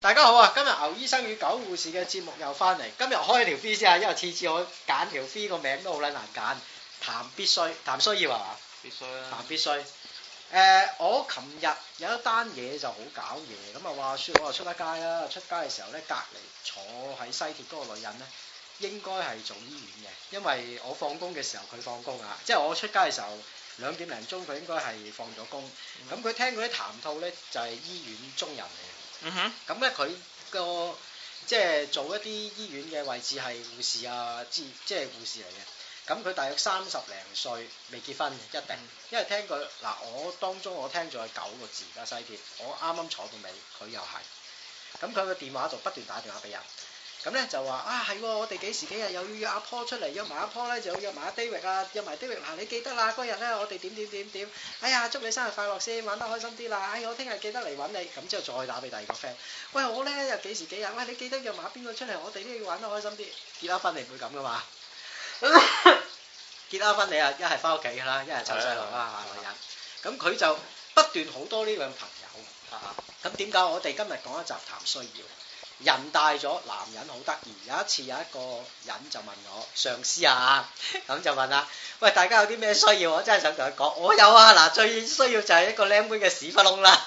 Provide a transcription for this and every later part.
大家好啊！今日牛醫生與狗護士嘅節目又翻嚟。今日開條片先啊，因為次次我揀條片個名都好鬼難揀。談必需，談需要啊？必需啊？談必需。誒、呃，我琴日有一單嘢就好搞嘢，咁啊話說，我就出得街啦。出街嘅時候咧，隔籬坐喺西鐵嗰個女人咧，應該係做醫院嘅，因為我放工嘅時候佢放工啊，即係我出街嘅時候兩點零鐘，佢應該係放咗工。咁佢聽嗰啲談吐咧，就係醫院中人嚟嘅。嗯哼，咁咧佢個即係做一啲醫院嘅位置係護士啊，之即係護士嚟嘅。咁佢大約三十零歲，未結婚一定，因為聽過，嗱，我當中我聽咗九個字，而家西鐵，我啱啱坐到尾，佢又係，咁佢個電話就不斷打電話俾人。咁咧就話啊係，我哋幾時幾日又要約阿婆出嚟，約埋阿婆咧就要約埋阿 David 啊，約埋 David 嗱你記得啦，嗰日咧我哋點點點點，哎呀祝你生日快樂先，玩得開心啲啦，哎我聽日記得嚟揾你，咁之後再打俾第二個 friend。喂我咧又幾時幾日？喂你記得約埋邊個出嚟？我哋都要玩得開心啲，結咗婚你唔會咁噶嘛。 結咗婚你啊一係翻屋企㗎啦，一係湊細路啊男人。咁佢 就不斷好多呢類朋友啊，咁點解我哋今日講一集談需要？人大咗，男人好得意。有一次，有一個人就問我上司啊，咁就問啦，喂，大家有啲咩需要？我真係想同佢講。我有啊，嗱，最需要就係一個靚妹嘅屎忽窿啦。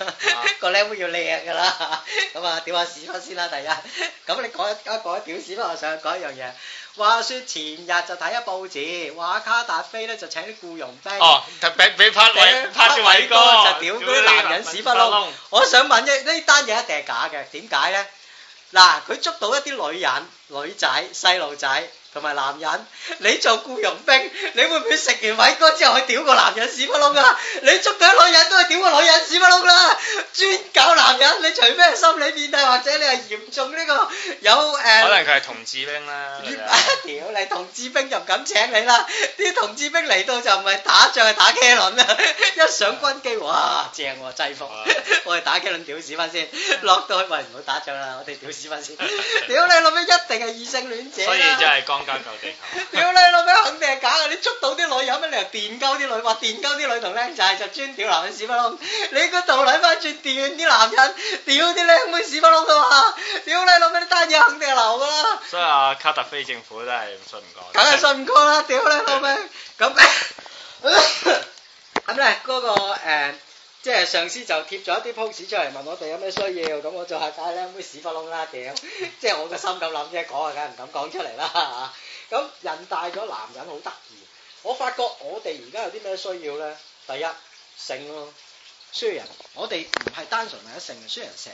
個靚妹要靚㗎啦。咁啊，屌下屎忽先啦，第一。咁你講一講屌屎忽，我想講一樣嘢。話説前日就睇一報紙，話卡達菲咧就請啲僱傭兵。哦，俾俾潘偉潘偉哥就屌嗰啲男人屎忽窿。我想問一呢單嘢一定係假嘅，點解咧？嗱，佢捉到一啲女人、女仔、細路仔。同埋男人，你做僱傭兵，你會唔會食完偉哥之後去屌個男人屎忽窿啊？你捉到啲女人都去屌個女人屎忽窿啦，專搞男人，你除非係心理變態或者你係嚴重呢個有誒，可能佢係同志兵啦。屌你同志兵就唔敢請你啦，啲同志兵嚟到就唔係打仗係打茄輪啊！一上軍機哇正喎，制服，我哋打茄輪屌屎忽先，落到去喂唔好打仗啦，我哋屌屎忽先。屌你諗咩？一定係異性戀者啊！所以就係講。研究地球。屌你老味，肯定係假嘅。你捉到啲女，有咩理由電鳩啲女，話電鳩啲女同靚仔，就專屌男人屎忽窿。你個道理翻轉，電啲男人，屌啲靚妹屎忽窿嘅嘛？屌你老味，啲單嘢肯定係流㗎啦。所以阿卡塔非政府都係信唔過。梗係信唔過啦！屌你老味，咁咁咧嗰個誒。即係上司就貼咗一啲 post 出嚟問我哋有咩需要，咁我做下街咧，咁屎窟窿啦，屌！ 即係我個心咁諗啫，講啊，梗係唔敢講出嚟啦嚇。咁 人大咗，男人好得意，我發覺我哋而家有啲咩需要咧？第一，性咯、啊，需要人。我哋唔係單純為咗性嘅，錫下。誒、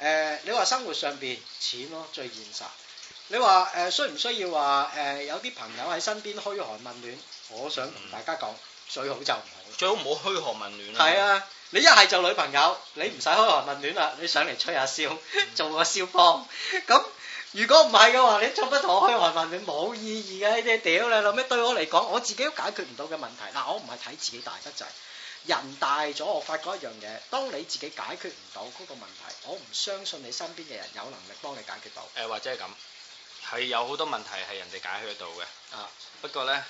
呃，你話生活上面錢咯、啊，最現實。你話誒、呃，需唔需要話誒、呃、有啲朋友喺身邊嘘寒問暖？我想同大家講。最好就唔係最好唔好噓寒問暖，係啊，你一係做女朋友，你唔使噓寒問暖啦，你上嚟吹下笑， 做個笑幫。咁如果唔係嘅話，你做乜同我噓寒問暖冇意義嘅、啊，即係屌你諗咩？對我嚟講，我自己都解決唔到嘅問題。嗱，我唔係睇自己大得滯，就是、人大咗我發覺一樣嘢，當你自己解決唔到嗰個問題，我唔相信你身邊嘅人有能力幫你解決到。誒，或者係咁，係有好多問題係人哋解決到嘅。啊，不過咧，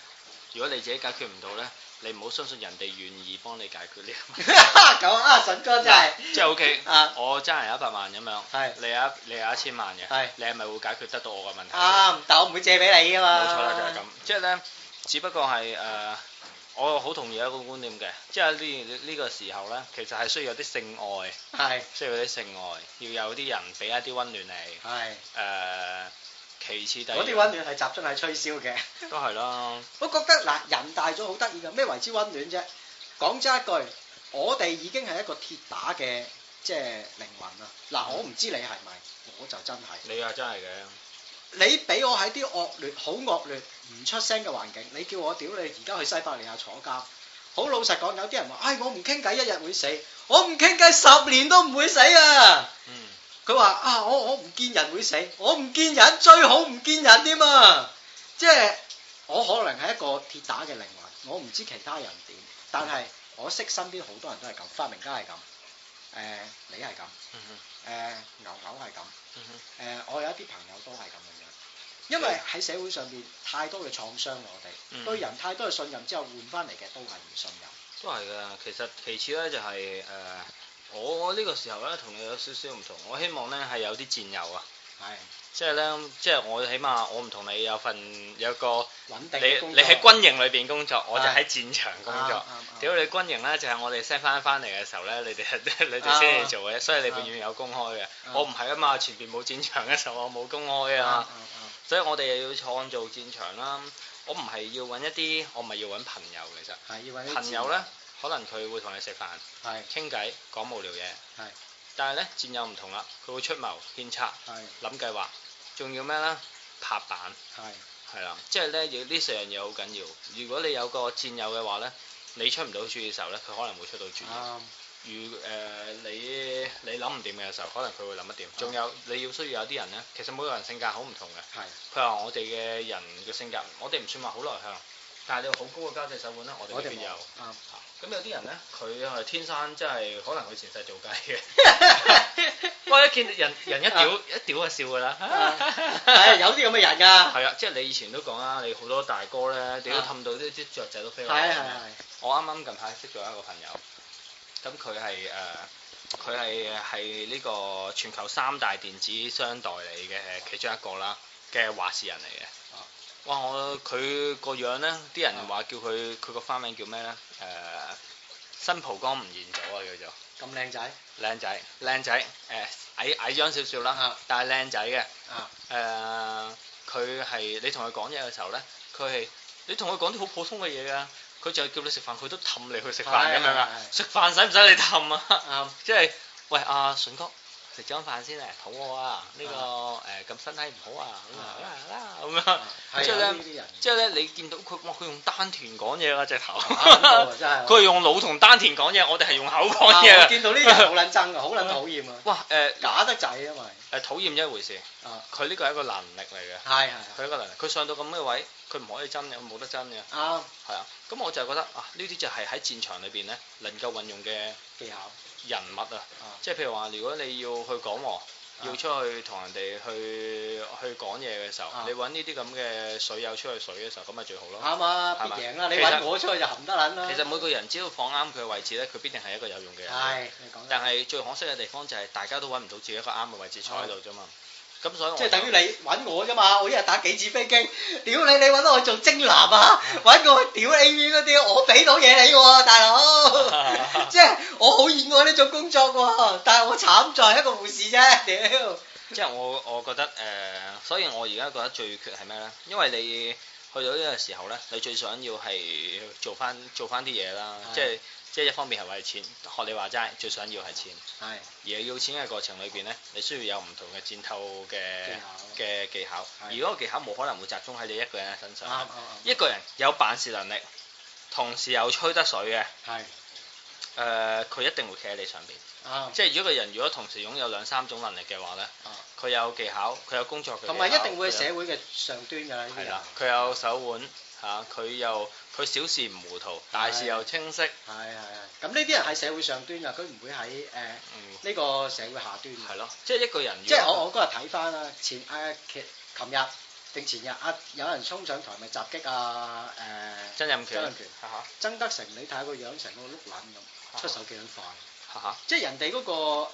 如果你自己解決唔到咧，你唔好相信人哋願意幫你解決呢個問題。咁 啊，筍哥真係，即係 Yeah , OK。Uh, 我爭人一百萬咁樣，uh, 你有一，你有一千萬嘅，uh, 你係咪會解決得到我嘅問題？啊、uh, 但我唔會借俾你㗎嘛。冇錯啦，就係、是、咁。即係咧，只不過係誒，uh, 我好同意一個觀點嘅，即係呢呢個時候咧，其實係需要啲性愛，uh, 是需要啲性愛，要有啲人俾一啲温暖你，誒、uh, 是。Uh, 其次，第啲温暖係集中喺吹簫嘅， 都係啦。 我覺得嗱，人大咗好得意㗎，咩為之温暖啫？講真一句，我哋已經係一個鐵打嘅即係靈魂啦。嗱、嗯，我唔知你係咪，我就真係你啊，真係嘅。你俾我喺啲惡劣、好惡劣、唔出聲嘅環境，你叫我屌你！而家去西伯利亞坐監，好老實講，有啲人話，唉、哎，我唔傾偈一日會死，我唔傾偈十年都唔會死啊！嗯佢話啊，我我唔見人會死，我唔見人最好唔見人添啊！即係我可能係一個鐵打嘅靈魂，我唔知其他人點，但係我識身邊好多人都係咁，發明家係咁，誒、呃、你係咁，誒、呃、牛牛係咁，誒、呃、我有一啲朋友都係咁樣，因為喺社會上邊太多嘅創傷啦我哋，嗯、對人太多嘅信任之後換翻嚟嘅都係唔信任。都係噶，其實其次咧，就係、是、誒。呃我我呢個時候咧，同你有少少唔同。我希望咧係有啲戰友啊，係即係咧，即係我起碼我唔同你有份有個穩定。你喺軍營裏邊工作，我就喺戰場工作。屌你軍營咧，就係我哋 set 翻翻嚟嘅時候咧，你哋你哋先嚟做嘅，所以你永遠有公開嘅，我唔係啊嘛，前邊冇戰場嘅時候我冇公開啊。所以我哋又要創造戰場啦。我唔係要搵一啲，我唔係要搵朋友其實，係要搵朋友咧。可能佢會同你食飯，傾偈講無聊嘢。係是，但係咧戰友唔同啦，佢會出謀獻策，諗計劃，仲要咩咧拍板。係是，係啦，即係咧要呢四樣嘢好緊要。如果你有個戰友嘅話咧，你出唔到主意嘅時候咧，佢可能會出到主意。嗯、如誒、呃、你你諗唔掂嘅時候，可能佢會諗得掂。仲、嗯、有你要需要有啲人咧，其實每個人性格好唔同嘅。係是。譬如話我哋嘅人嘅性格，我哋唔算話好內向。但係你好高嘅交際手腕啦，我哋邊有。咁、嗯、有啲人咧，佢係天生即係可能佢前世做雞嘅。 我一見人人一屌、啊、一屌就笑噶啦、啊 啊。有啲咁嘅人噶、啊。係 啊，即係你以前都講啦，你好多大哥咧，屌氹到啲啲雀仔都飛。係係、啊、我啱啱近排識咗一個朋友，咁佢係誒，佢係係呢個全球三大電子商代理嘅其中一個啦嘅話事人嚟嘅。啊。哇！我佢個樣呢，啲、呃、人、呃、話叫佢佢個花名叫咩呢？誒新蒲崗吳彥祖啊！叫做咁靚仔，靚仔靚仔誒矮矮咗少少啦嚇，但係靚仔嘅。誒佢係你同佢講嘢嘅時候呢，佢係你同佢講啲好普通嘅嘢㗎，佢就叫你食飯，佢都氹你去食飯咁樣啊！食飯使唔使你氹啊？即係喂阿順哥。食咗飯先嚟，肚餓啊！呢、這個誒咁、呃、身體唔好啊，咁啦咁啦，之後咧，之後咧，你見到佢 哇，佢用丹田講嘢啊，隻頭真係，佢係用腦同丹田講嘢，我哋係用口講嘢。見到呢啲人好撚憎啊，好撚討厭啊！哇誒，假得滯啊嘛！誒，討厭一回事。啊，佢、啊、呢個係一個能力嚟嘅。係係。佢一個能力，佢上到咁嘅位。佢唔可以真嘅，冇得真嘅。啱，係啊。咁我就係覺得啊，呢啲就係喺戰場裏邊咧，能夠運用嘅技巧、人物啊，即係譬如話，如果你要去講話，要出去同人哋去去講嘢嘅時候，你揾呢啲咁嘅水友出去水嘅時候，咁咪最好咯。啱啊，必贏啦！你揾我出去就冚得撚啦。其實每個人只要放啱佢嘅位置咧，佢必定係一個有用嘅人。係，但係最可惜嘅地方就係大家都揾唔到自己一個啱嘅位置坐喺度啫嘛。咁所以即係等於你揾我啫嘛，我一日打幾次飛機，屌你你揾我做精男啊，揾個屌 AV 嗰啲，我俾到嘢你喎、啊，大佬， 即係我好熱愛呢種工作喎、啊，但係我慘在係一個護士啫，屌。 即係我我覺得誒、呃，所以我而家覺得最缺係咩呢？因為你去到呢個時候呢，你最想要係做翻做翻啲嘢啦， 即係。嗯即係一方面係為錢，學你話齋，最想要係錢。係。而要錢嘅過程裏邊呢，你需要有唔同嘅戰鬥嘅嘅技巧。如果個技巧冇可能會集中喺你一個人嘅身上。一個人有辦事能力，同時又吹得水嘅。係。誒，佢一定會企喺你上邊。即係如果個人如果同時擁有兩三種能力嘅話呢，佢有技巧，佢有工作嘅。同埋一定會社會嘅上端㗎啦。係啦，佢有手腕嚇，佢又。佢小事唔胡塗，大事又清晰。係係係。咁呢啲人喺社會上端啊，佢唔會喺誒呢個社會下端。係咯，即係一個人。即係我我嗰日睇翻啦，前誒琴日定前日啊，有人衝上台咪襲擊啊曾蔭權曾蔭權，曾德成，你睇下個樣成個碌卵咁，出手幾樣快。嚇嚇！即係人哋嗰個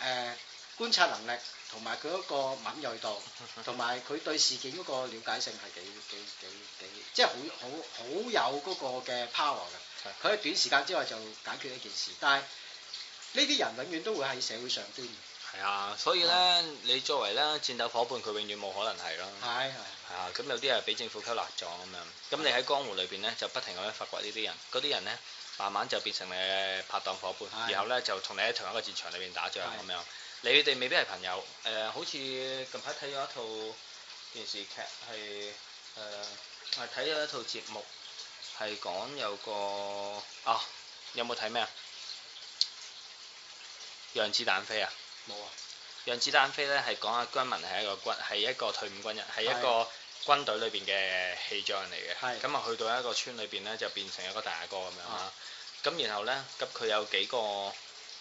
觀察能力同埋佢嗰個敏鋭度，同埋佢對事件嗰個瞭解性係幾幾幾幾，即係好好好有嗰個嘅 power 嘅。佢喺短時間之內就解決一件事，但係呢啲人永遠都會喺社會上邊。係啊，所以咧，的你作為咧戰鬥伙伴，佢永遠冇可能係咯。係係的。係啊，咁有啲人俾政府吸納咗咁樣，咁的你喺江湖裏邊咧就不停咁樣發掘呢啲人，嗰啲人咧慢慢就變成你拍檔伙伴，然的後咧就同你喺同一個戰場裏邊打仗咁樣。的你哋未必係朋友，誒、呃，好似近排睇咗一套電視劇，係誒，係睇咗一套節目，係講有個啊，有冇睇咩啊？《讓子彈飛》啊？冇啊，《讓子彈飛》咧係講阿姜文係一個軍，係、嗯、一個退伍軍人，係一個是軍隊裏邊嘅氣象嚟嘅，咁啊是去到一個村裏邊咧就變成一個大哥咁樣啦，咁、嗯啊、然後咧咁佢有幾個？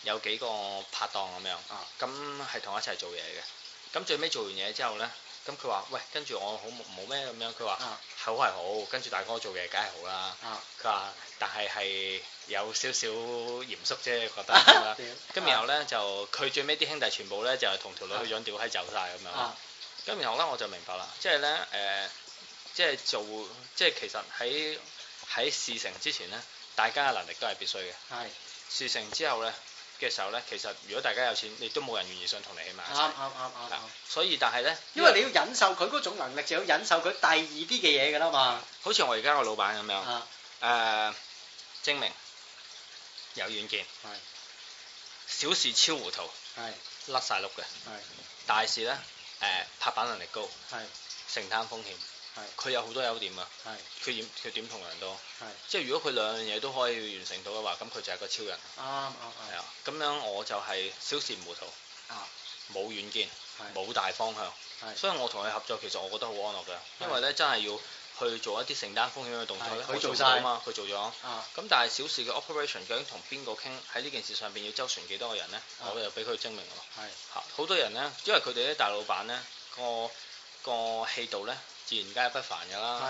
有幾個拍檔咁樣，咁係同我一齊做嘢嘅。咁最尾做完嘢之後呢，咁佢話：喂，跟住我好冇咩咁樣。佢話好係好，跟住大哥做嘢梗係好啦。佢話、啊、但係係有少少嚴肅啫，覺得咁然後呢，啊、就佢最尾啲兄弟全部呢，就係、是、同條女去養吊喺走晒咁樣。咁、啊啊、然後呢，我就明白啦，即係呢，誒、呃，即係做即係其實喺喺事成之前呢，大家嘅能力都係必須嘅。係是事成之後呢。嘅時候咧，其實如果大家有錢，你都冇人願意想同你起碼起。啱啱啱啱。所以但係咧，因為你要忍受佢嗰種能力，就要忍受佢第二啲嘅嘢㗎啦嘛。好似我而家個老闆咁樣。啊。誒、啊，精明，有遠見，是小事超糊塗，係甩晒碌嘅，係是大事咧，誒、呃、拍板能力高，係承擔風險。佢有好多優點啊，係，佢點，佢點同人到。係，即係如果佢兩樣嘢都可以完成到嘅話，咁佢就係一個超人。啱啱係啊，咁樣我就係小事唔糊塗。啊，冇遠見，冇大方向。所以我同佢合作，其實我覺得好安樂㗎，因為咧真係要去做一啲承擔風險嘅動作咧，佢做曬啊嘛，佢做咗啊。咁但係小事嘅 operation，究竟同邊個傾？喺呢件事上邊要周旋幾多個人呢？我又俾佢證明咯。係，嚇，好多人呢，因為佢哋啲大老闆呢個個氣度呢。自然梗係不凡嘅啦，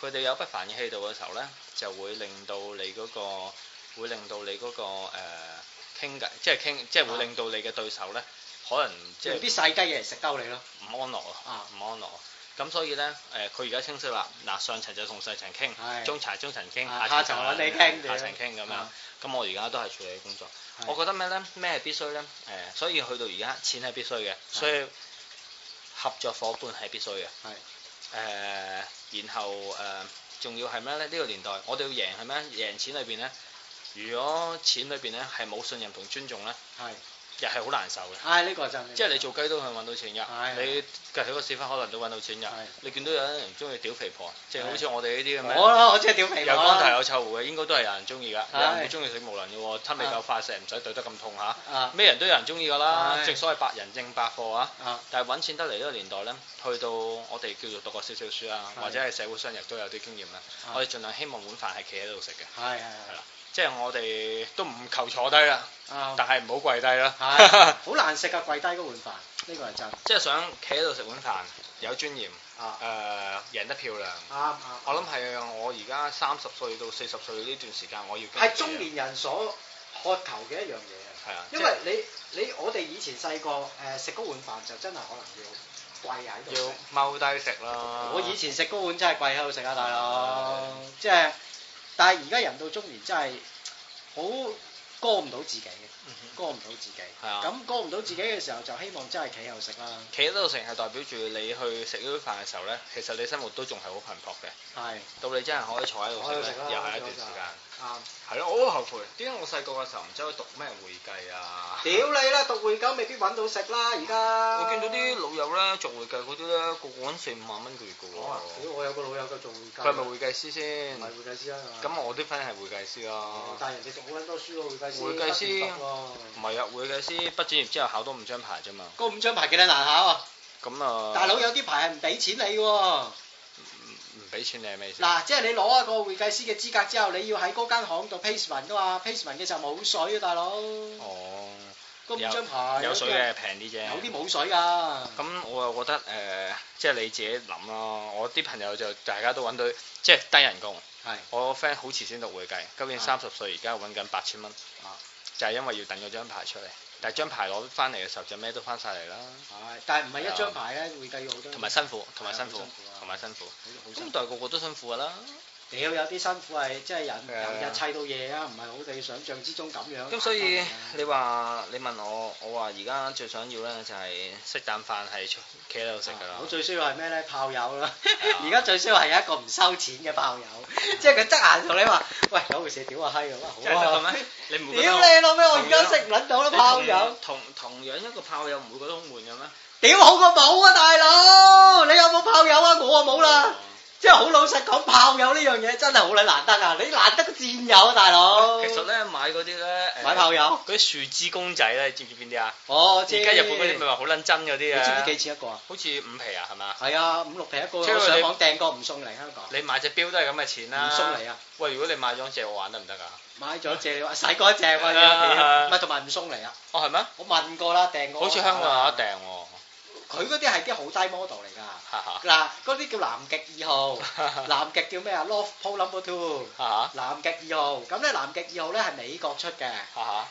佢哋有不凡嘅氣度嘅時候咧，就會令到你嗰個會令到你嗰個誒傾偈，即係傾，即係會令到你嘅對手咧，可能即係啲細雞嘅人食鳩你咯，唔安樂啊，唔安樂。咁所以咧，誒佢而家清晰啦，嗱上層就同細層傾，中層中層傾，下層你傾，下層傾咁樣。咁我而家都係處理工作，我覺得咩咧？咩係必須咧？誒，所以去到而家，錢係必須嘅，所以合作伙伴係必須嘅。誒、呃，然後誒，仲、呃、要係咩咧？呢、這個年代，我哋要贏係咩？贏錢裏邊咧，如果錢裏邊咧係冇信任同尊重咧，係。又係好難受嘅，係呢個真，即係你做雞都係揾到錢嘅，你計佢個屎忽可能都揾到錢嘅，你見到有啲人中意屌肥婆，即係好似我哋呢啲，我咯，我中意屌肥婆，有光頭有臭狐嘅，應該都係有人中意噶，有人會中意食無能嘅，貪你夠發射，唔使對得咁痛嚇，咩人都有人中意噶啦，正所謂百人正百貨啊，但係揾錢得嚟呢個年代咧，去到我哋叫做讀過少少書啊，或者係社會上亦都有啲經驗啦，我哋儘量希望碗飯係企喺度食嘅，係係係。即係我哋都唔求坐低啦，但係唔好跪低咯。係，好難食噶跪低嗰碗飯，呢個係真。即係想企喺度食碗飯，有尊嚴。啊，誒，贏得漂亮。啊啊！我諗係我而家三十歲到四十歲呢段時間，我要係中年人所渴求嘅一樣嘢啊。係啊，因為你你我哋以前細個誒食嗰碗飯就真係可能要跪喺度食，要踎低食啦。我以前食嗰碗真係跪喺度食啊，大佬，即係。但係而家人到中年真係好過唔到自己，過唔到自己。咁、嗯、哼過唔到自己嘅時候，就希望真係企喺度食啦。企喺度食係代表住你去食呢啲飯嘅時候咧，其實你生活都仲係好頻撲嘅。係是，到你真係，可以坐喺度食，又係一段時間。係咯，我好後悔。點解我細個嘅時候唔走去讀咩會計啊？屌你啦，讀會計未必揾到食啦而家。我見到啲老友咧，做會計嗰啲咧，個個揾四五五萬蚊個月嘅喎。我有個老友佢做會計，佢係咪會計師先？唔係會計師啦。咁我啲 friend 係會計師啊。但係人哋仲好撚多書喎會計師，畢業唔係啊，會計師，畢業之後考多五張牌啫嘛。嗰五張牌幾多難考？啊。咁啊，大佬有啲牌係唔俾錢你喎。俾錢你係咩意思？嗱、啊，即係你攞一個會計師嘅資格之後，你要喺嗰間行度 placement 嘅嘛？placement 嘅就冇水啊，大佬。哦。張牌有有水嘅平啲啫。有啲冇水啊！咁我又覺得誒、呃，即係你自己諗咯。我啲朋友就大家都揾到，即係低人工。係是。我個 friend 好遲先讀會計，今年三十歲，而家揾緊八千蚊，就係因為要等嗰張牌出嚟。但係張牌攞翻嚟嘅時候，就咩都翻晒嚟啦。係，但係唔係一張牌咧，啊牌呃、會計好多同埋辛苦，同埋辛苦，同埋、哎辛，啊、辛苦。工代個個都辛苦㗎啦。屌有啲辛苦係，即係人由日砌到夜啊，唔係好地想象之中咁樣。咁所以你話你問我，我話而家最想要咧就係食啖飯係坐企喺度食噶啦。我最需要係咩咧？炮友啦，而家最需要係一個唔收錢嘅炮友，即係佢執硬同你話，喂，搞完事屌啊，閪咁，啊。」好屌你老咩？我而家識唔撚到啦。炮友。同同樣一個炮友唔會覺得好悶嘅咩？屌好過冇啊大佬，你有冇炮友啊？我冇啦。即係好老實講，炮友呢樣嘢真係好鬼難得啊！你難得個戰友，大佬。其實咧，買嗰啲咧，買炮友，嗰啲樹枝公仔咧，你知唔知邊啲啊？哦，而家日本嗰啲咪話好撚真嗰啲啊？你知唔知幾錢一個啊？好似五皮啊，係嘛？係啊，五六皮一個。即係我上網訂過，唔送嚟香港。你買隻表都係咁嘅錢啦。唔送嚟啊！喂，如果你買咗借我玩得唔得噶？買咗借你玩，洗過一隻啊！唔係同埋唔送嚟啊！哦，係咩？我問過啦，訂過。好似香港有得訂。佢嗰啲係啲好低 model 嚟㗎，嗱嗰啲叫南極二號，南極叫咩啊？North Pole Number Two，南極二號。咁咧南極二號咧係美國出嘅，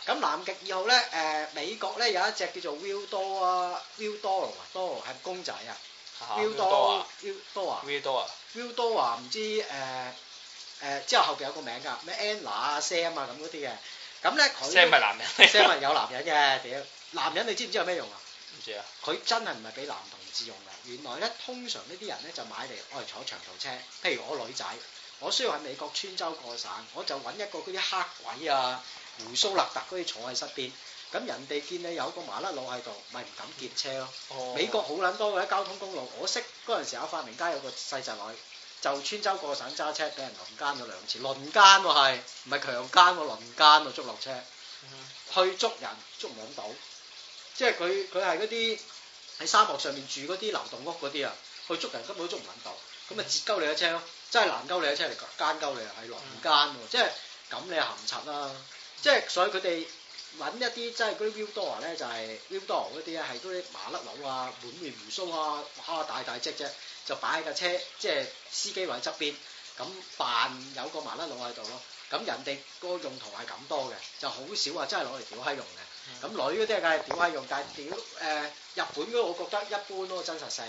咁南極二號咧誒美國咧有一隻叫做 Will Dolla Will Dolla Dolla 係公仔啊，Will Dolla Will Dolla Will Dolla，Will Dolla 唔知誒誒之後後邊有個名㗎，咩 Anna 啊 Sam 啊咁嗰啲嘅。咁咧佢 Sam 係男人，Sam 係有男人嘅，屌男人你知唔知有咩用啊？佢真係唔係俾男同志用嘅。原來咧，通常呢啲人咧就買嚟，我係坐長途車。譬如我女仔，我需要喺美國穿州過省，我就揾一個嗰啲黑鬼啊、胡鬚勒特嗰啲坐喺側邊。咁人哋見你有個麻甩佬喺度，咪唔敢劫車咯。哦、美國好撚多嘅交通公路，我識嗰陣時喺發明街有個細細女，就穿州過省揸車，俾人輪奸咗兩次，輪奸喎、啊、係，唔係強奸喎，輪奸喎捉落車，去捉人捉冇到。即係佢佢係嗰啲喺沙漠上面住嗰啲流動屋嗰啲啊，去捉人根本都捉唔穩到，咁啊截鳩你架車咯，真係攔鳩你架車嚟奸鳩你啊，係輪奸喎，即係咁你又行唔出啦，即係所以佢哋揾一啲即係嗰啲烏多王咧就係烏多王嗰啲啊，係嗰啲麻甩佬啊滿面鬍鬚啊，哇大，大大隻啫，就擺喺架車，即係司機位側邊咁扮有個麻甩佬喺度咯，咁人哋個用途係咁多嘅，就好少啊，真係攞嚟屌閪用嘅。咁、嗯、女嗰啲係梗係點啊？用，但係屌誒日本嗰個我覺得一般咯，真實性，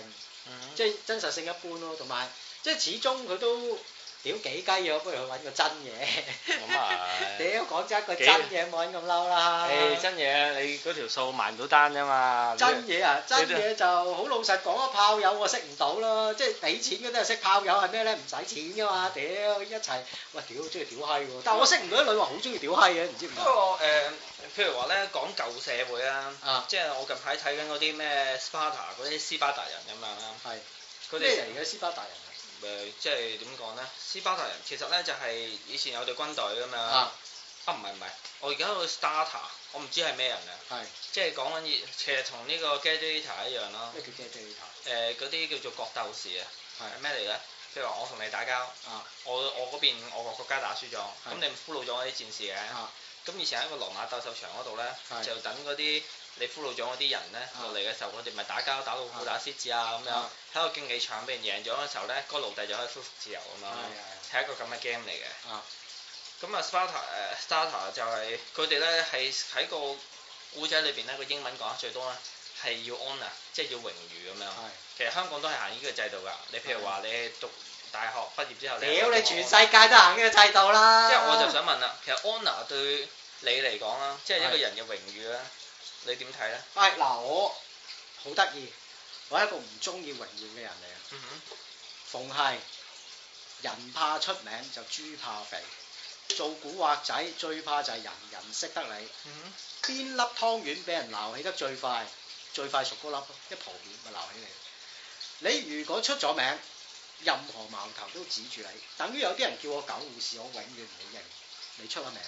嗯、即係真實性一般咯，同埋即係始終佢都。屌幾雞樣，不如去揾個真嘢。咁 啊媽！屌講真一個真嘢冇咁嬲啦。誒天、欸、真嘢，你嗰條數埋唔到單啫嘛。真嘢啊！你真嘢就好的，老實講，炮友我識唔到咯。即係俾錢嗰啲啊識炮友係咩咧？唔使錢噶嘛。屌一齊喂，屌中意屌閪喎。但係我識唔到啲女王好中意屌閪嘅，唔知點解。不過、呃、譬如話咧講舊社會啊，即係我近排睇緊嗰啲咩 Sparta 嗰啲斯巴達人啊嘛。係。咩嚟嘅斯巴達人？誒、呃，即係點講呢？斯巴達人其實呢，就係、是、以前有隊軍隊咁樣啊。唔係唔係，我而家個 Starter，我唔知係咩人啊。係。即係講緊熱，其實同呢個 Gadita 一樣咯。咩叫 Gadita？嗰啲叫做角鬥士啊。係是。係咩嚟嘅？譬如話我同你打交、啊，我邊我嗰邊我個國家打輸咗，咁是你唔俘虜咗我啲戰士嘅。啊。咁、啊、以前喺個羅馬鬥獸場嗰度呢，就等嗰啲。是你俘虜咗嗰啲人咧，落嚟嘅時候，我哋咪打交打到虎打獅子啊咁樣，喺、嗯、個競技場俾人贏咗嘅時候咧，嗰、嗯、個奴隸就可以恢復自由咁樣，係、嗯、一個咁嘅 game 嚟嘅。咁啊，Starter，誒，Starter 就係佢哋咧，係喺個古仔裏邊咧，個英文講得最多啦，係要 honor，即係要榮譽咁樣。是 其實香港都係行呢個制度㗎。你譬如話你讀大學畢業之後咧，屌是你全世界都行呢個制度啦。即係我就想問啦，其實 honor 對你嚟講啦，即係一個人嘅榮譽啦。你點睇咧？哎嗱，我好得意，我係一個唔中意榮耀嘅人嚟啊！逢係、嗯、哼人怕出名就豬怕肥，做古惑仔最怕就係人人識得你。邊、嗯、哼粒湯圓俾人鬧起得最快，最快熟嗰粒，一泡面咪鬧起你。你如果出咗名，任何矛頭都指住你，等於有啲人叫我狗護士，我永遠唔認人，你出咗名，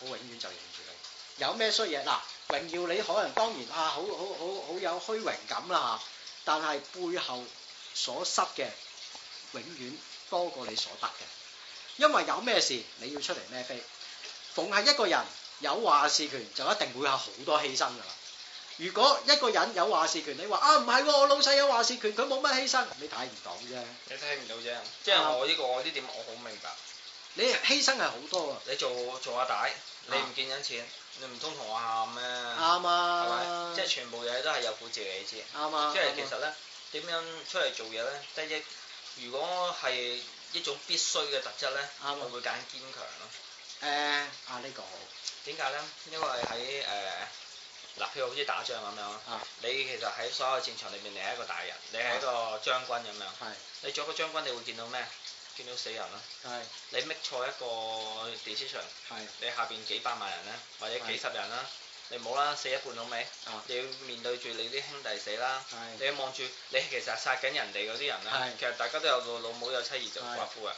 我永遠就認住你。有咩衰嘢嗱？榮耀你可能當然啊，好好好好有虛榮感啦吓，但係背後所失嘅，永遠多過你所得嘅，因為有咩事你要出嚟咩飛，逢係一個人有話事權就一定會有好多犧牲噶啦，如果一個人有話事權，你話啊唔係我老細有話事權，佢冇乜犧牲，你睇唔到啫，你睇唔到啫，即係我呢個我呢點我好明白，你犧牲係好多啊，你做做阿大，你唔見緊錢。你唔通同我喊咩？啱啊，係、啊、咪？即係全部嘢都係有苦自己知？啱啊，啊即係其實咧，點、啊、樣出嚟做嘢咧？第一，如果係一種必須嘅特質咧，啊、我會揀堅強咯。誒、啊，啊、這個、呢個好。點解咧？因為喺誒嗱，譬、呃、如好似打仗咁樣啊，你其實喺所有戰場裏面，你係一個大人，你係一個將軍咁樣。係、啊。你做一個將軍，你會見到咩？見到死人啦！是你搣錯一個電視場，是你下邊幾百萬人啦，或者幾十人啦，是你冇啦，死一半好未？嗯、你要面對住你啲兄弟死啦，是你要望住你其實殺緊人哋嗰啲人咧，是其實大家都有個老母，有妻兒，有寡婦嘅。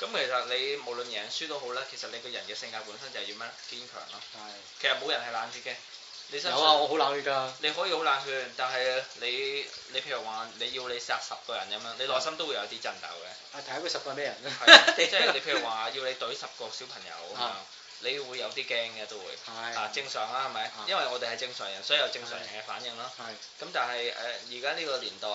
咁是其實你無論贏輸都好啦，其實你個人嘅性格本身就係要咩？堅強咯。是其實冇人係冷血嘅。有啊，我好冷血噶。你可以好冷血，但係你你譬如話你要你殺十個人咁樣，是你內心都會有啲震斗嘅。係睇佢十個咩人啫、啊，啊、 即係你譬如話要你懟十個小朋友 啊，你會有啲驚嘅都會。係是啊，正常啦、啊，係咪？因為我哋係正常人，所以有正常人嘅反應咯、啊。係是。咁但係誒，而家呢個年代，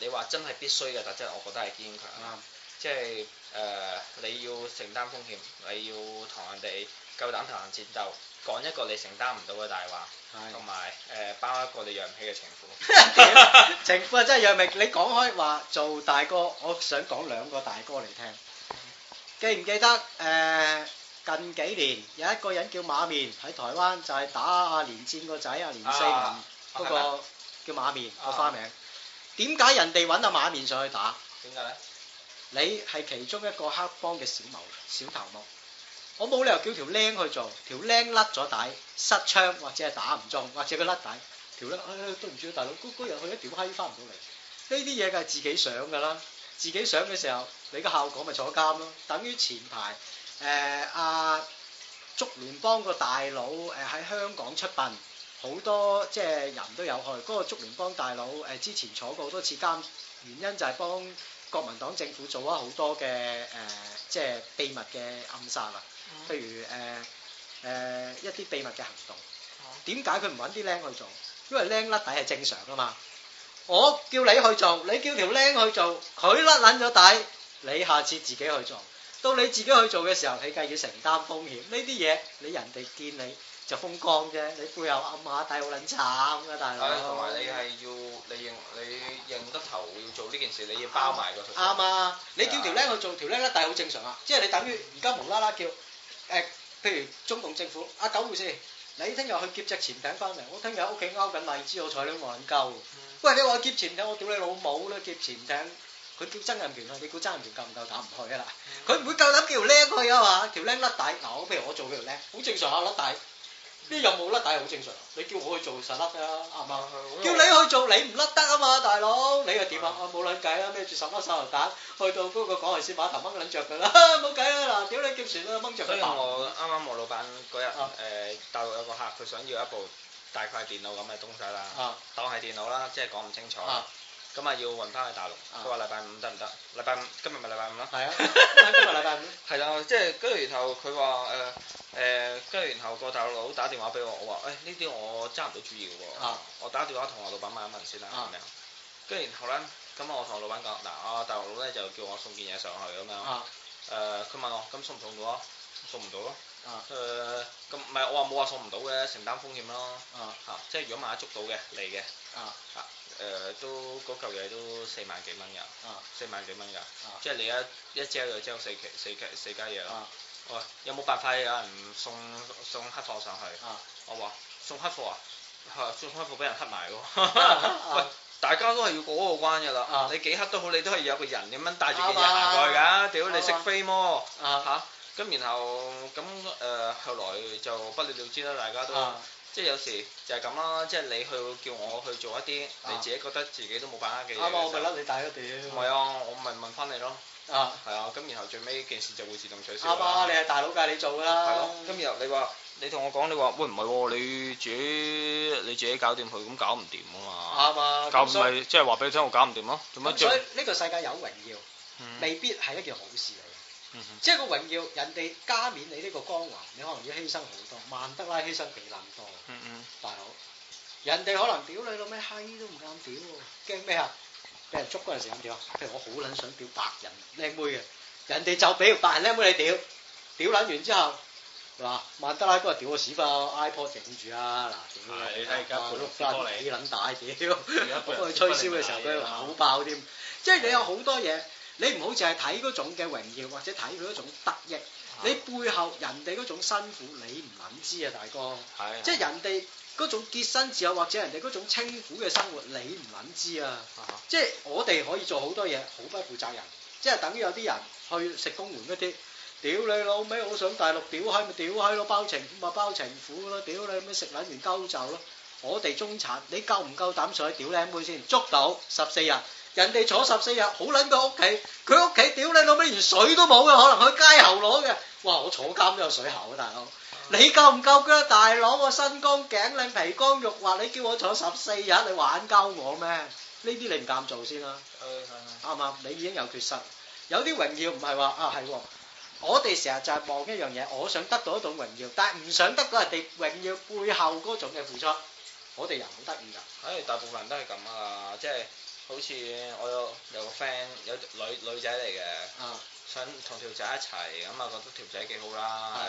你話真係必須嘅特質，我覺得係堅強。即係誒，你要承擔風險，你要同人哋夠膽同人戰鬥講一個你承擔唔到嘅大話，同埋誒包一個你養唔起嘅情婦。屌 情婦真係養唔起。你講開話做大哥，我想講兩個大哥嚟聽。記唔記得誒、呃？近幾年有一個人叫馬面喺台灣，就係打阿連戰個仔阿連四文、啊。嗰個叫馬面個花名。點解、啊、人哋揾阿馬面上去打？點解咧？你係其中一個黑幫嘅小謀小頭目。我冇理由叫條僆去做，條僆甩咗底、失槍或者係打唔中，或者佢甩底，條對唔住大佬，嗰嗰日去一條閪翻唔到嚟。呢啲嘢梗係自己想嘅啦，自己想嘅時候，你個效果咪坐監咯。等於前排誒阿竹聯幫個大佬誒喺香港出殯，好多即係人都有去。嗰個竹聯幫大佬誒之前坐過好多次監，原因就係幫國民黨政府做咗好多嘅誒即係秘密嘅暗殺啊！譬如誒誒一啲秘密嘅行動，點解佢唔揾啲僆去做？因為僆甩底係正常噶嘛。我叫你去做，你叫條僆去做，佢甩捻咗底，你下次自己去做。到你自己去做嘅時候，你梗係要承擔風險。呢啲嘢你人哋見你就風光啫，你背後暗下底好撚慘嘅大佬。係同埋你係要你認你認得頭要做呢件事，你要包埋佢。啱啊！你叫條僆去做，條僆甩底好正常啊。即係你等於而家無啦啦叫。誒，譬如中共政府阿九回事，你聽日去劫隻潛艇翻嚟，我聽日喺屋企勾緊荔枝，我彩你冇人救。喂，你話劫潛艇，我屌你老母啦！劫潛艇，佢叫曾蔭權去，你估曾蔭權夠唔夠膽唔去啊？嗱，佢唔會夠膽叫僆去啊嘛，條僆甩底。嗱，譬如我做條僆，好正常啊，甩底。啲又冇甩底，好正常。你叫我去做實甩啊，係啱？嗯嗯、叫你去做，你唔甩得啊嘛，大佬。你又點、嗯、啊？冇撚計啊，孭住十粒手榴彈，去到嗰個港台先，把頭掹撚着佢啦，冇計啊！嗱、呃，屌你劫船啦，掹着佢。所以我啱啱我老闆嗰日誒，大陸有個客，佢想要一部大概電腦咁嘅東西啦，當係、啊、電腦啦，即係講唔清楚。啊咁啊要運翻去大陸，佢話禮拜五得唔得？禮拜五今日咪禮拜五咯。係啊，今日禮拜五。係啦、 就是，即係跟住然後佢話誒誒，跟、呃、住、呃、然後個大陸佬打電話俾我，我話誒呢啲我揸唔到主意喎，啊、我打電話同我老闆問一問先啦，跟住、啊、然後咧，咁我同我老闆講嗱，啊、呃、大陸佬咧就叫我送件嘢上去咁樣，誒佢、啊呃、問我咁送唔送到，送到啊？呃、送唔到咯。啊。誒咁唔係我話冇話送唔到嘅，承擔風險咯。啊。嚇，即係如果萬一捉到嘅嚟嘅。啊。啊。誒都嗰嚿嘢都四萬幾蚊㗎，四萬幾蚊㗎，即係你一一張就有四幾四幾四家嘢啦。喂，有冇辦法有人送送黑貨上去？我話送黑貨啊，送黑貨俾人黑埋喎。喂，大家都係要過個關㗎啦，你幾黑都好，你都係有個人咁樣帶住人行過去㗎。屌，你識飛麼？嚇，咁然後咁誒後來就不了了之啦，大家都。即係有時就係咁啦，即係你去叫我去做一啲、啊、你自己覺得自己都冇把握嘅嘢。啱啊，我咪得你大咗屌。唔係啊，我咪問翻你咯。啊，係啊，咁然後最尾件事就會自動取消。啱、啊、你係大佬㗎，你做啦、啊。係咯。咁然後你話你同我講，你話，喂，唔係、哦、你自己你自己搞掂佢，咁搞唔掂啊嘛。啱啊。咁唔係即係話俾你聽，我搞唔掂咯。做乜？所以呢、就係、個世界有榮耀，嗯、未必係一件好事。即係個榮耀，人哋加冕你呢個光環，你可能要犧牲好多。曼德拉犧牲幾捻多，大佬，人哋可能屌你老咩閪都唔敢屌，驚咩啊？俾人捉嗰陣時咁屌，譬如我好捻想屌白人靚妹嘅，人哋就俾白人靚妹你屌，屌捻完之後，嗱，曼德拉都話屌我屎忽，ipod 頂住啊，嗱，你睇而家翻幾捻大屌，佢吹簫嘅時候佢又口爆添，即係你有好多嘢。你唔好淨係睇嗰種嘅榮耀，或者睇佢嗰種得益。你背後人哋嗰種辛苦，你唔諗知啊，大哥。係。即係人哋嗰種潔身自好，或者人哋嗰種清苦嘅生活，你唔諗知啊。即係我哋可以做好多嘢，好不負責任。即係等於有啲人去食公餉嗰啲，屌你老味，好想大陸屌閪咪屌閪咯，包情咁啊，包情婦咯，屌你咩食撚完鳩就咯。我哋中產，你夠唔夠膽上去屌靚妹先？捉到十四日。人哋坐十四日，好撚到屋企，佢屋企屌你老味，連水都冇嘅，可能去街口攞嘅。哇！我坐監都有水喉嘅，大佬，你夠唔夠嘅，大佬？我身光頸靚，皮光肉滑，你叫我坐十四日，你玩鳩我咩？呢啲你唔敢做先啦。誒，係係。係嘛？你已經有缺失，有啲榮耀唔係話啊係。我哋成日就係望一樣嘢，我想得到一種榮耀，但係唔想得到人哋榮耀背後嗰種嘅付出。我哋人好得意噶，唉，大部分人都係咁啊，即係。好似我有有個 friend 有女女仔嚟嘅，想同條仔一齊咁啊，覺得條仔幾好啦。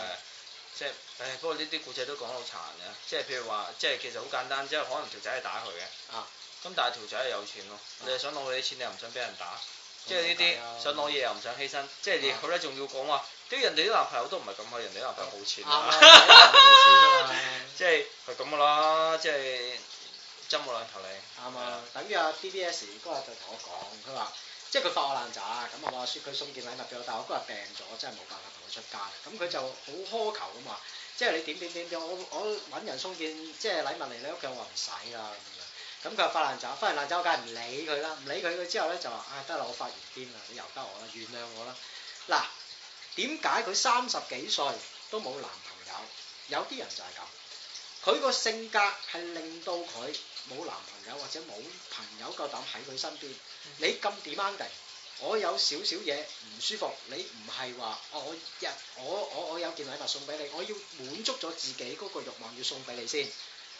即係，唉，不過呢啲故仔都講到好殘嘅，即係譬如話，即係其實好簡單，即係可能條仔係打佢嘅。咁但係條仔係有錢咯，你係想攞佢啲錢，你又唔想俾人打，即係呢啲想攞嘢又唔想犧牲，即係佢咧仲要講話，啲人哋啲男朋友都唔係咁啊，人哋啲男朋友冇錢即係係咁噶啦，即係。冇啦，頭你啱啊！嗯、等於啊，D B S 嗰日就同我講，佢話即係佢發我爛渣咁啊，話説佢送件禮物俾我，但我嗰日病咗，真係冇辦法同佢出街。咁佢就好苛求咁嘛，即係你點點點點，我我揾人送件即係禮物嚟你屋企，我話唔使啦咁佢又發爛渣，發完爛渣我梗係唔理佢啦，唔理佢。佢之後咧就話，唉，得啦，我發完癲啦，你由得我啦，原諒我啦。嗱，點解佢三十幾歲都冇男朋友？有啲人就係咁，佢個性格係令到佢。冇男朋友或者冇朋友夠膽喺佢身邊，你咁 d e m a n d 我有少少嘢唔舒服，你唔係話我日我我我有件禮物送俾你，我要滿足咗自己個欲望要送俾你先。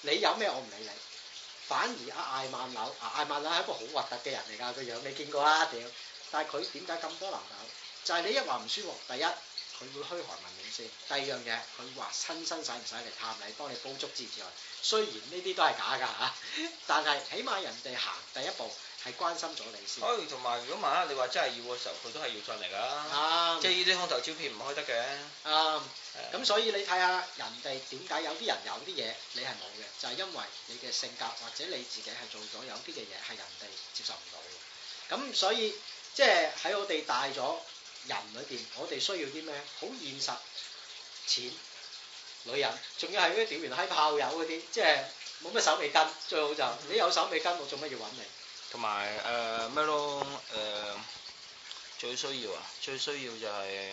你有咩我唔理你，反而阿艾曼樓，阿艾曼樓係一個好核突嘅人嚟㗎，個樣你見過啦屌，但係佢點解咁多男友？就係、是、你一話唔舒服，第一佢會虛寒㗎。第二樣嘢，佢話親身使唔使嚟探你，幫你煲足資助，雖然呢啲都係假㗎嚇、啊，但係起碼人哋行第一步係關心咗你先。同埋如果萬一你話真係要嘅時候，佢都係要上嚟㗎。啱、嗯，即係呢啲空頭照片唔開得嘅。咁、嗯嗯、所以你睇下人哋點解有啲人有啲嘢，你係冇嘅，就係、是、因為你嘅性格或者你自己係做咗有啲嘅嘢，係人哋接受唔到嘅。咁所以即係喺我哋大咗人裏邊，我哋需要啲咩？好現實。錢女人，仲要係嗰啲屌完閪炮友嗰啲，即係冇咩手尾筋，最好就，你有手尾筋，我做乜嘢揾你？同埋誒咩咯誒，最需要啊！最需要就係，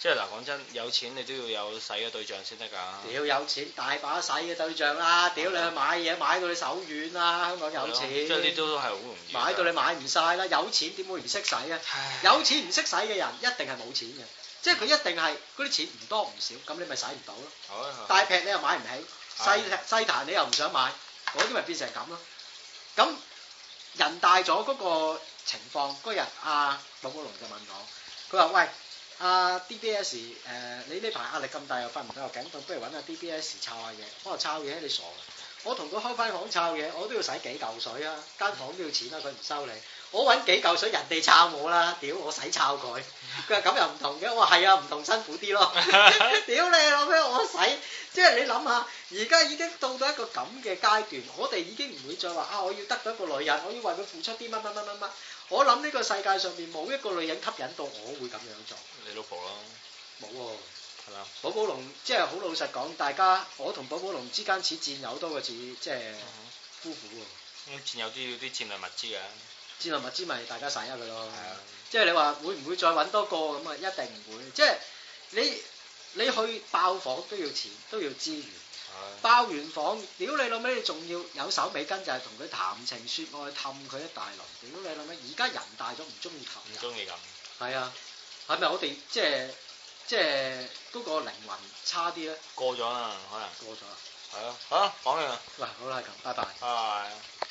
即係嗱，講真，有錢你都要有使嘅對象先得噶。屌有錢大把使嘅對象啦！屌的你去買嘢買到你手軟啦！香港有錢，即係啲都係好容易買到你買唔晒啦！有錢點會唔識使啊？唉有錢唔識使嘅人一定係冇錢嘅。嗯、即係佢一定係嗰啲錢唔多唔少，咁你咪使唔到咯。 大劈你又買唔起，細劈細彈你又唔想買，嗰啲咪變成咁咯。咁人大咗嗰個情況，嗰日阿老布龍就問我，佢話：喂，阿、啊、D B S，誒、呃、你呢排壓力咁大又瞓唔到又頸痛，不如揾下 D B S 摷下嘢。幫我摷嘢？你傻啊！我同佢開返房抄嘢，我都要使幾嚿水啊！間房都要錢啦，佢唔收你？我揾幾嚿水，人哋抄我啦！屌我使抄佢，佢話咁又唔同嘅。我話係啊，唔同辛苦啲咯。屌 你攞俾我使。即係你諗下，而家已經到到一個咁嘅階段，我哋已經唔會再話啊，我要得到一個女人，我要為佢付出啲乜乜乜乜乜。我諗呢個世界上面冇一個女人吸引到我會咁樣做。你老婆咯，冇喎。寶寶龍即係好老實講，大家我同寶寶龍之間似戰友多過似即係夫婦喎。咁戰友都要啲戰略物資㗎。戰略物資咪大家散一佢咯。係啊的。即係你話會唔會再搵多個咁啊？一定唔會。即係你你去爆房都要錢，都要資源。係的。爆完房，屌你老味仲要有手尾跟，就係同佢談情說愛，氹佢一大輪。屌你老味，而家人大咗唔中意氹。唔中意咁。係啊，係咪我哋即係？即即係嗰個靈魂差啲啦，過咗啦，可能過咗啦，係啊，嚇講、啊、完啦，唔、啊、好啦，咁拜，拜拜。拜拜。